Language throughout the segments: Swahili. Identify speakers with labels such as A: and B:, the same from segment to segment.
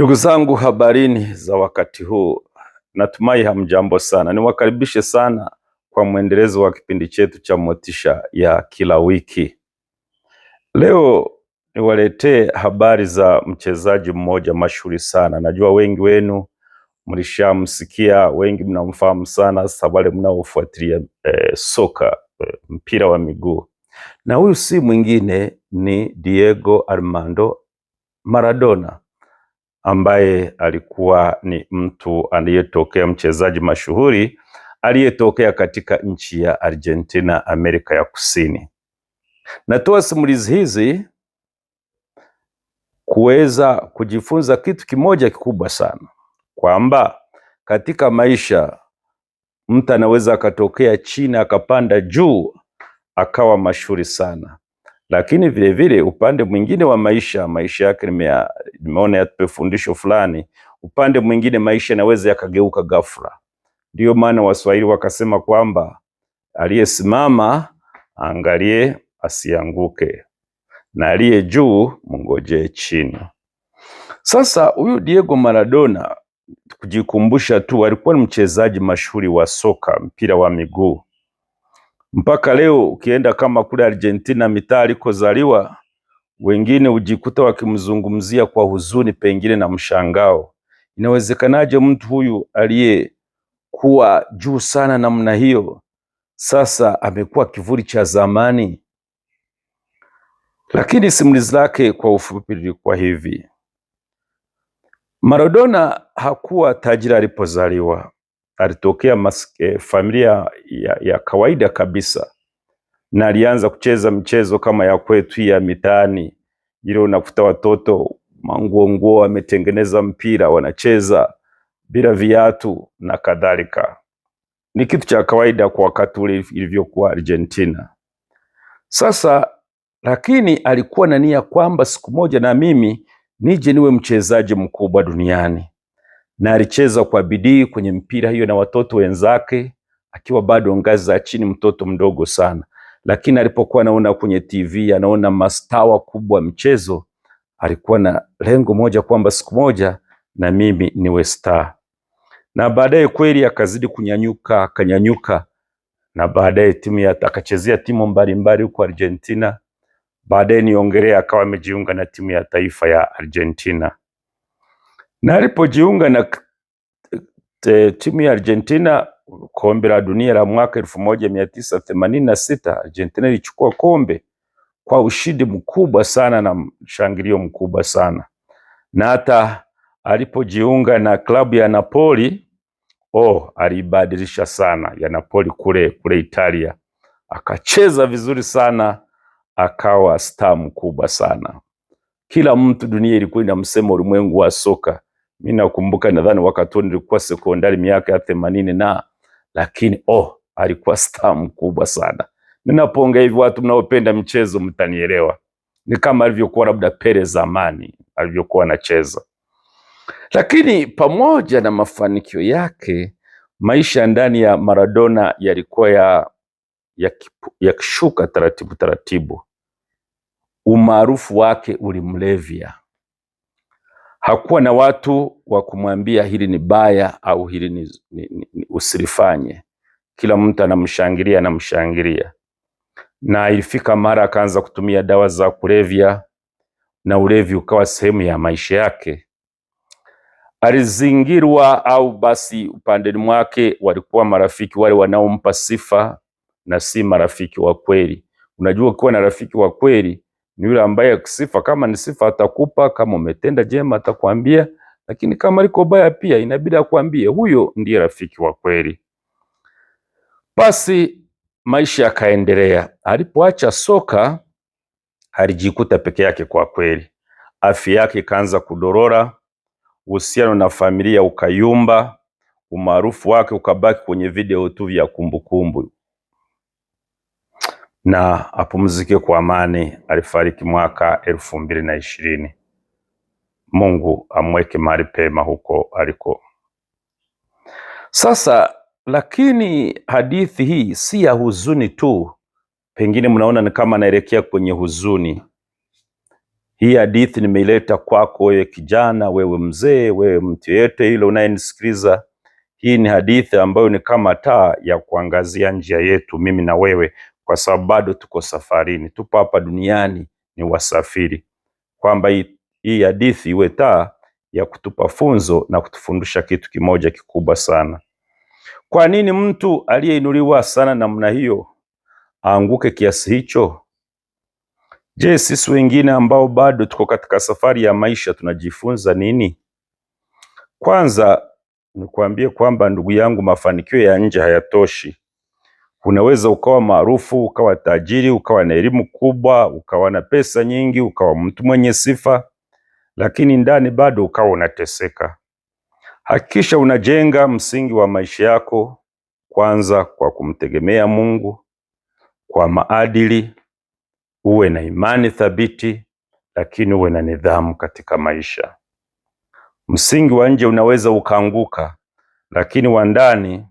A: Ndugu zangu, habarini za wakati huu, natumai hamjambo sana. Niwakaribishe sana kwa mwendelezo wa kipindi chetu cha motisha ya kila wiki. Leo niwaletee habari za mchezaji mmoja mashuhuri sana. Najua wengi wenu mlishamsikia, wengi mnamfahamu sana, hasa wale mnaofuatilia e, soka e, mpira wa miguu, na huyu si mwingine ni Diego Armando Maradona ambaye alikuwa ni mtu aliyetokea mchezaji mashuhuri aliyetokea katika nchi ya Argentina, Amerika ya Kusini. Natoa simulizi hizi kuweza kujifunza kitu kimoja kikubwa sana, kwamba katika maisha mtu anaweza akatokea chini akapanda juu akawa mashuhuri sana, lakini vile vile upande mwingine wa maisha, maisha yake nimeona yatupe fundisho fulani. Upande mwingine maisha yanaweza yakageuka ghafla. Ndiyo maana Waswahili wakasema kwamba aliyesimama angalie asianguke na aliye juu mngojee chini. Sasa huyu Diego Maradona, kujikumbusha tu, alikuwa ni mchezaji mashuhuri wa soka, mpira wa miguu mpaka leo ukienda kama kule Argentina, mitaa alikozaliwa, wengine hujikuta wakimzungumzia kwa huzuni, pengine na mshangao, inawezekanaje mtu huyu aliyekuwa juu sana namna hiyo sasa amekuwa kivuli cha zamani? Lakini simulizi lake kwa ufupi lilikuwa hivi: Maradona hakuwa tajiri alipozaliwa, alitokea mas, eh, familia ya, ya kawaida kabisa na alianza kucheza mchezo kama ya kwetu ya mitaani ile, unakuta watoto manguo nguo wametengeneza mpira wanacheza bila viatu na kadhalika. Ni kitu cha kawaida kwa wakati ule ilivyokuwa Argentina. Sasa lakini alikuwa na nia kwamba siku moja na mimi nije niwe mchezaji mkubwa duniani na alicheza kwa bidii kwenye mpira hiyo na watoto wenzake, akiwa bado ngazi za chini, mtoto mdogo sana, lakini alipokuwa anaona kwenye TV anaona mastawa kubwa mchezo, alikuwa na lengo moja kwamba siku moja na mimi niwe star, na baadaye kweli akazidi kunyanyuka, akanyanyuka na baadaye timu ya akachezea timu mbalimbali huko Argentina. Baadaye niongelea, akawa amejiunga na timu ya taifa ya Argentina na alipojiunga na te, timu ya Argentina kombe la dunia la mwaka elfu moja mia tisa themanini na sita Argentina ilichukua kombe kwa ushindi mkubwa sana na mshangilio mkubwa sana na hata alipojiunga na klabu ya Napoli oh, alibadilisha sana ya Napoli kule kule Italia, akacheza vizuri sana, akawa star mkubwa sana. Kila mtu dunia ilikuwa inamsema, ulimwengu wa soka mimi nakumbuka nadhani wakati huo nilikuwa sekondari miaka ya themanini na lakini oh, alikuwa star mkubwa sana. Ninapoongea hivi watu mnaopenda mchezo mtanielewa. Ni kama alivyokuwa labda Pele zamani alivyokuwa anacheza. Lakini pamoja na mafanikio yake, maisha ndani ya Maradona yalikuwa ya yakishuka ya taratibu taratibu. Umaarufu wake ulimlevya hakuwa na watu wa kumwambia hili ni baya au hili ni, ni, ni usilifanye. Kila mtu anamshangilia anamshangilia, na ilifika mara akaanza kutumia dawa za kulevya na ulevi ukawa sehemu ya maisha yake. Alizingirwa au basi, upande mwake walikuwa marafiki wale wanaompa sifa na si marafiki wa kweli. Unajua, ukiwa na rafiki wa kweli ni yule ambaye sifa, kama ni sifa atakupa, kama umetenda jema atakwambia, lakini kama liko baya pia inabidi akwambie. Huyo ndiye rafiki wa kweli. Basi maisha yakaendelea. Alipoacha soka alijikuta peke yake kwa kweli, afya yake ikaanza kudorora, uhusiano na familia ukayumba, umaarufu wake ukabaki kwenye video tu vya kumbukumbu na apumzike kwa amani. Alifariki mwaka elfu mbili na ishirini. Mungu amweke mahali pema huko aliko. Sasa lakini hadithi hii si ya huzuni tu, pengine mnaona ni kama naelekea kwenye huzuni. Hii hadithi nimeileta kwako wewe kijana, wewe mzee, wewe mtu yeyote ile unayenisikiliza. Hii ni hadithi ambayo ni kama taa ya kuangazia njia yetu, mimi na wewe, kwa sababu bado tuko safarini, tupo hapa duniani, ni wasafiri, kwamba hii hadithi iwe taa ya kutupa funzo na kutufundisha kitu kimoja kikubwa sana. Kwa nini mtu aliyeinuliwa sana namna hiyo aanguke kiasi hicho? Je, sisi wengine ambao bado tuko katika safari ya maisha tunajifunza nini? Kwanza nikwambie kwamba ndugu yangu, mafanikio ya nje hayatoshi. Unaweza ukawa maarufu, ukawa tajiri, ukawa na elimu kubwa, ukawa na pesa nyingi, ukawa mtu mwenye sifa, lakini ndani bado ukawa unateseka. Hakikisha unajenga msingi wa maisha yako kwanza kwa kumtegemea Mungu kwa maadili, uwe na imani thabiti, lakini uwe na nidhamu katika maisha. Msingi wa nje unaweza ukaanguka, lakini wa ndani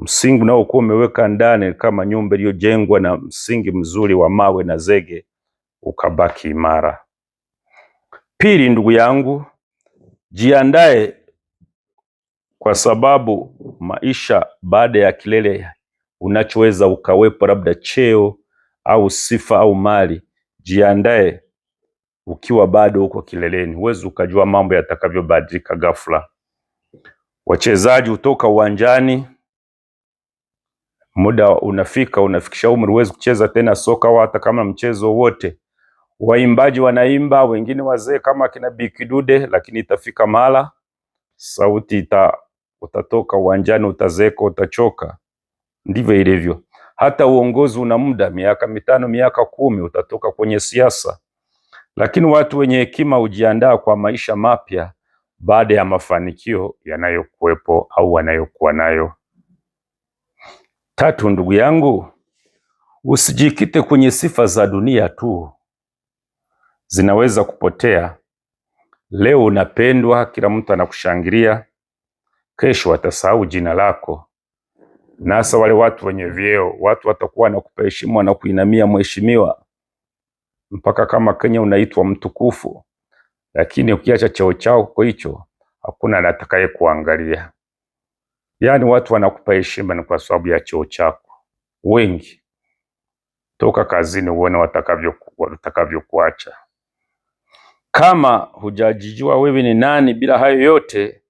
A: msingi unaokuwa umeweka ndani kama nyumba iliyojengwa na msingi mzuri wa mawe na zege ukabaki imara. Pili, ndugu yangu, jiandae kwa sababu maisha baada ya kilele unachoweza ukawepo, labda cheo au sifa au mali, jiandae ukiwa bado uko kileleni. Huwezi ukajua mambo yatakavyobadilika ghafla. Wachezaji hutoka uwanjani muda unafika, unafikisha umri, huwezi kucheza tena soka au hata kama mchezo wote. Waimbaji wanaimba, wengine wazee kama kina Bikidude, lakini itafika mahala sauti ita, utatoka uwanjani, utazeeka, utachoka. Ndivyo ilivyo. Hata uongozi una muda, miaka mitano, miaka kumi, utatoka kwenye siasa. Lakini watu wenye hekima hujiandaa kwa maisha mapya baada ya mafanikio yanayokuwepo au wanayokuwa nayo. Tatu, ndugu yangu, usijikite kwenye sifa za dunia tu, zinaweza kupotea. Leo unapendwa, kila mtu anakushangilia, kesho watasahau jina lako. Nasa wale watu wenye vyeo, watu watakuwa wanakupa heshima, wanakuinamia mheshimiwa, mpaka kama Kenya unaitwa mtukufu, lakini ukiacha cheo chako hicho, hakuna anatakaye kuangalia. Yaani watu wanakupa heshima ni kwa sababu ya cheo chako. Wengi toka kazini, uone watakavyo watakavyokuacha kama hujajijua wewe ni nani. Bila hayo yote,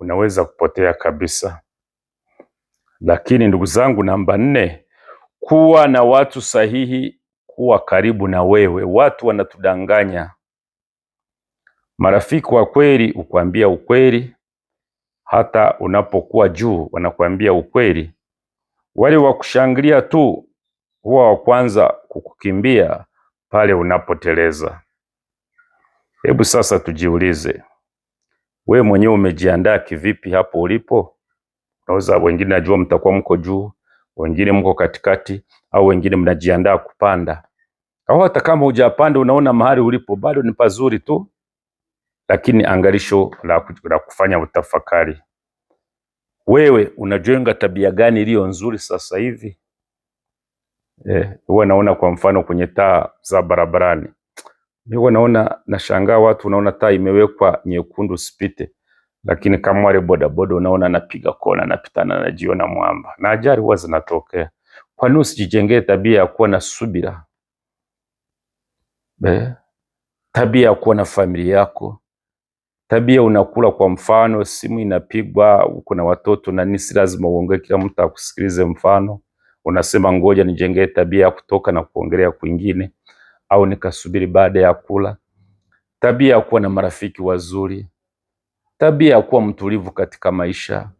A: unaweza kupotea kabisa. Lakini ndugu zangu, namba nne, kuwa na watu sahihi kuwa karibu na wewe. Watu wanatudanganya. Marafiki wa kweli hukwambia ukweli hata unapokuwa juu, wanakuambia ukweli. Wale wa kushangilia tu huwa wa kwanza kukukimbia pale unapoteleza. Hebu sasa tujiulize, we mwenyewe umejiandaa kivipi hapo ulipo? Naweza wengine najua mtakuwa mko juu, wengine mko katikati, au wengine mnajiandaa kupanda, au hata kama hujapanda, unaona mahali ulipo bado ni pazuri tu, lakini angalisho la kufanya utafakari. Wewe unajenga tabia gani iliyo nzuri sasa hivi? Eh, huwa eh, naona kwa mfano kwenye taa za barabarani, mimi huwa naona nashangaa watu, unaona taa imewekwa nyekundu sipite, lakini kama wale bodaboda unaona anapiga kona, napitana najiona mwamba, na ajali huwa zinatokea. Kwa nini usijijengee tabia ya kuwa na subira eh, tabia ya kuwa na familia yako Tabia unakula kwa mfano, simu inapigwa, kuna watoto na nini, si lazima uongee, kila mtu akusikilize. Mfano unasema ngoja nijengee tabia ya kutoka na kuongelea kwingine, au nikasubiri baada ya kula. Tabia ya kuwa na marafiki wazuri, tabia ya kuwa mtulivu katika maisha,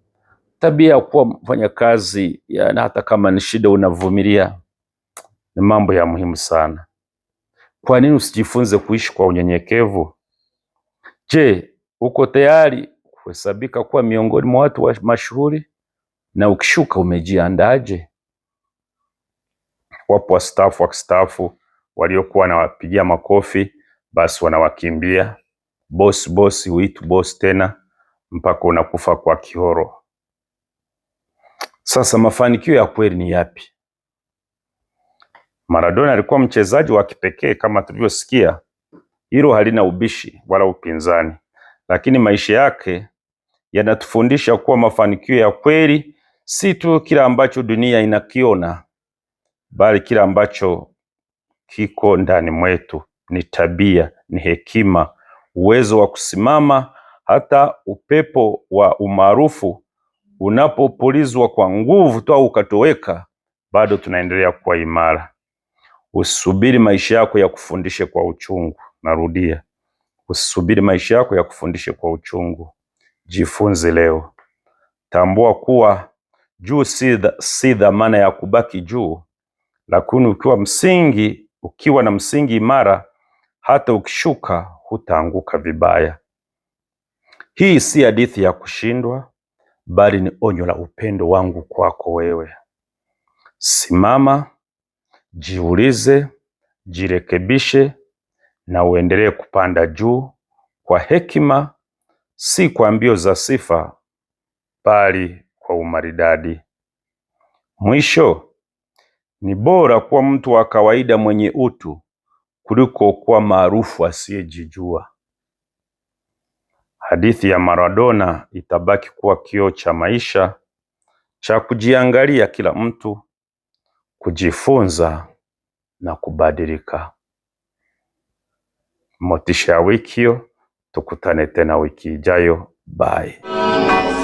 A: tabia ya kuwa mfanya kazi na hata kama ni shida unavumilia, ni mambo ya muhimu sana. Kwa nini usijifunze kuishi kwa unyenyekevu? Je, uko tayari kuhesabika kuwa miongoni mwa watu wa mashuhuri, na ukishuka umejiandaje? Wapo wastaafu wakistaafu waliokuwa wanawapigia makofi, basi wanawakimbia. Bosi bosi huitu bosi tena mpaka unakufa kwa kihoro. Sasa mafanikio ya kweli ni yapi? Maradona alikuwa mchezaji wa kipekee kama tulivyosikia, hilo halina ubishi wala upinzani lakini maisha yake yanatufundisha kuwa mafanikio ya kweli si tu kila ambacho dunia inakiona, bali kila ambacho kiko ndani mwetu. Ni tabia, ni hekima, uwezo wa kusimama hata upepo wa umaarufu unapopulizwa kwa nguvu tu au ukatoweka, bado tunaendelea kuwa imara. Usubiri maisha yako ya kufundishe kwa uchungu. Narudia, Usisubiri maisha yako yakufundishe kwa uchungu. Jifunze leo. Tambua kuwa juu si dhamana ya kubaki juu, lakini ukiwa msingi, ukiwa na msingi imara, hata ukishuka hutaanguka vibaya. Hii si hadithi ya kushindwa, bali ni onyo la upendo wangu kwako wewe. Simama, jiulize, jirekebishe na uendelee kupanda juu kwa hekima, si kwa mbio za sifa, bali kwa umaridadi. Mwisho, ni bora kuwa mtu wa kawaida mwenye utu kuliko kuwa maarufu asiyejijua. Hadithi ya Maradona itabaki kuwa kioo cha maisha cha kujiangalia kila mtu, kujifunza na kubadilika motisha ya wiki hiyo. Tukutane tena wiki ijayo. Bye.